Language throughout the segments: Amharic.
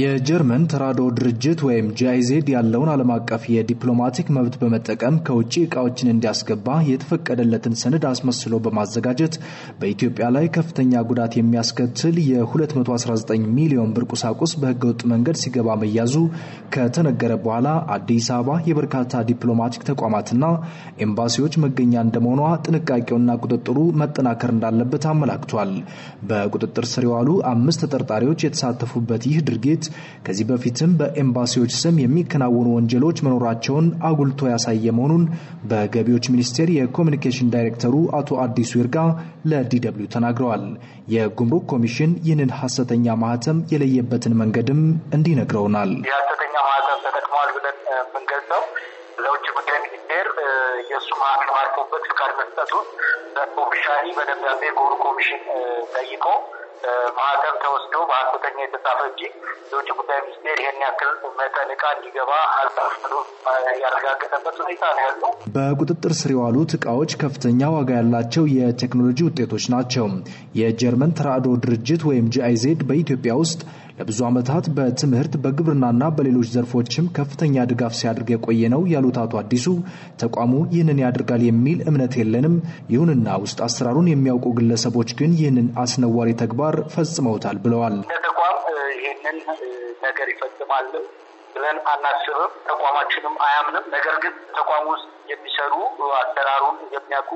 የጀርመን ተራድኦ ድርጅት ወይም ጂአይዜድ ያለውን ዓለም አቀፍ የዲፕሎማቲክ መብት በመጠቀም ከውጭ ዕቃዎችን እንዲያስገባ የተፈቀደለትን ሰነድ አስመስሎ በማዘጋጀት በኢትዮጵያ ላይ ከፍተኛ ጉዳት የሚያስከትል የ219 ሚሊዮን ብር ቁሳቁስ በህገወጥ መንገድ ሲገባ መያዙ ከተነገረ በኋላ አዲስ አበባ የበርካታ ዲፕሎማቲክ ተቋማትና ኤምባሲዎች መገኛ እንደመሆኗ ጥንቃቄውና ቁጥጥሩ መጠናከር እንዳለበት አመላክቷል። በቁጥጥር ስር የዋሉ አምስት ተጠርጣሪዎች የተሳተፉበት ይህ ድርጊት ድርጊት ከዚህ በፊትም በኤምባሲዎች ስም የሚከናወኑ ወንጀሎች መኖራቸውን አጉልቶ ያሳየ መሆኑን በገቢዎች ሚኒስቴር የኮሚኒኬሽን ዳይሬክተሩ አቶ አዲሱ ይርጋ ለዲደብሊው ተናግረዋል። የጉምሩክ ኮሚሽን ይህንን ሀሰተኛ ማህተም የለየበትን መንገድም እንዲህ ነግረውናል። የሀሰተኛ ማህተም ተጠቅመዋል ብለን የምንገልጸው ለውጭ ጉዳይ ሚኒስቴር የእሱ ማህተም ማርፎበት ፍቃድ መስጠቱን በኦፊሻሊ በደብዳቤ ጉምሩክ ኮሚሽን ጠይቆ ማዕተም ተወስዶ በሀሰተኛ የተጻፈ እንጂ የውጭ ጉዳይ ሚኒስቴር ይህን ያክል መጠን እቃ እንዲገባ አልፈቀዱ ያረጋገጠበት ሁኔታ ነው ያለው። በቁጥጥር ስር የዋሉት እቃዎች ከፍተኛ ዋጋ ያላቸው የቴክኖሎጂ ውጤቶች ናቸው። የጀርመን ተራድኦ ድርጅት ወይም ጂአይዜድ በኢትዮጵያ ውስጥ ለብዙ ዓመታት በትምህርት በግብርናና በሌሎች ዘርፎችም ከፍተኛ ድጋፍ ሲያደርግ የቆየ ነው ያሉት አቶ አዲሱ ተቋሙ ይህንን ያደርጋል የሚል እምነት የለንም። ይሁንና ውስጥ አሰራሩን የሚያውቁ ግለሰቦች ግን ይህንን አስነዋሪ ተግባር ፈጽመውታል ብለዋል። ተቋም ይህንን ነገር ይፈጽማል ብለን አናስብም። ተቋማችንም አያምንም። ነገር ግን ተቋም ውስጥ የሚሰሩ አሰራሩን የሚያውቁ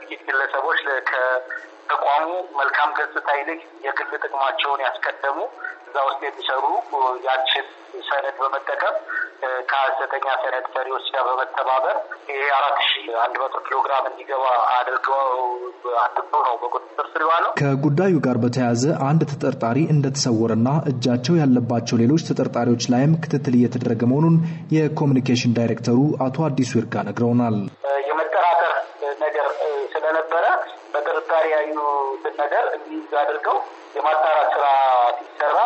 ጥቂት ግለሰቦች ከተቋሙ መልካም ገጽታ ይልቅ የግል ጥቅማቸውን ያስቀደሙ እዛ ውስጥ የሚሰሩ ያችን ሰነድ በመጠቀም ከሀሰተኛ ሰነድ ሰሪዎች ጋር በመተባበር ይሄ አራት ሺ አንድ መቶ ኪሎግራም እንዲገባ አድርገው አድርጎ ነው በቁጥጥር ስር የዋለው። ከጉዳዩ ጋር በተያያዘ አንድ ተጠርጣሪ እንደተሰወረና እጃቸው ያለባቸው ሌሎች ተጠርጣሪዎች ላይም ክትትል እየተደረገ መሆኑን የኮሚኒኬሽን ዳይሬክተሩ አቶ አዲሱ ይርጋ ነግረውናል። ስለነበረ በጥርጣሬ ያዩትን ነገር እንዲህ አድርገው የማጣራት ስራ ሲሰራ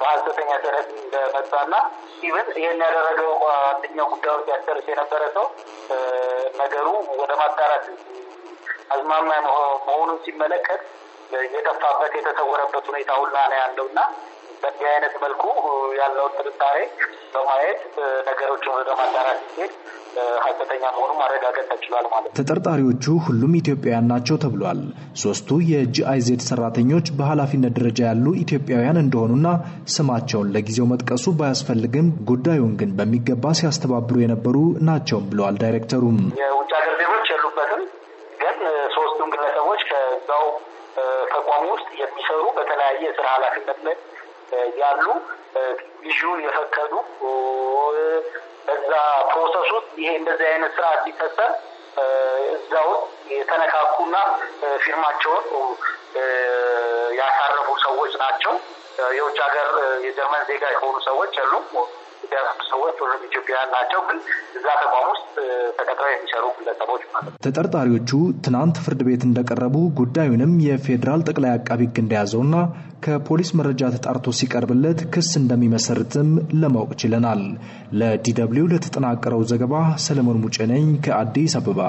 በሀሰተኛ ሰነድ እንደመጣና ኢቨን ይህን ያደረገው አንደኛው ጉዳዮች ሲያሰርስ የነበረ ሰው ነገሩ ወደ ማጣራት አዝማማ መሆኑን ሲመለከት የጠፋበት የተሰወረበት ሁኔታ ሁላ ነው ያለው እና በዚህ አይነት መልኩ ያለውን ጥርጣሬ በማየት ነገሮችን ወደ ማዳራት ሲሄድ ሀሰተኛ መሆኑ ማረጋገጥ ተችሏል ማለት ተጠርጣሪዎቹ ሁሉም ኢትዮጵያውያን ናቸው ተብሏል። ሶስቱ የጂአይዜድ ሰራተኞች በኃላፊነት ደረጃ ያሉ ኢትዮጵያውያን እንደሆኑና ስማቸውን ለጊዜው መጥቀሱ ባያስፈልግም ጉዳዩን ግን በሚገባ ሲያስተባብሩ የነበሩ ናቸውም ብለዋል ዳይሬክተሩም። የውጭ ሀገር ዜጎች የሉበትም፣ ግን ሶስቱም ግለሰቦች ከዛው ተቋም ውስጥ የሚሰሩ በተለያየ ስራ ኃላፊነት ላይ ያሉ ቪዥን የፈቀዱ በዛ ፕሮሰስ ውስጥ ይሄ እንደዚህ አይነት ስርዓት ሲፈጠር እዛው የተነካኩና ፊርማቸውን ያሳረፉ ሰዎች ናቸው። የውጭ ሀገር የጀርመን ዜጋ የሆኑ ሰዎች አሉ። ሰዎች ሁሉም ኢትዮጵያውያን ናቸው፣ ግን እዛ ተቋም ውስጥ ተቀጥረው የሚሰሩ ግለሰቦች ማለት ተጠርጣሪዎቹ ትናንት ፍርድ ቤት እንደቀረቡ ጉዳዩንም የፌዴራል ጠቅላይ አቃቢ ሕግ እንደያዘውና ከፖሊስ መረጃ ተጣርቶ ሲቀርብለት ክስ እንደሚመሰርትም ለማወቅ ችለናል። ለዲ ለተጠናቀረው ዘገባ ሰለሞን ሙጬ ነኝ ከአዲስ አበባ።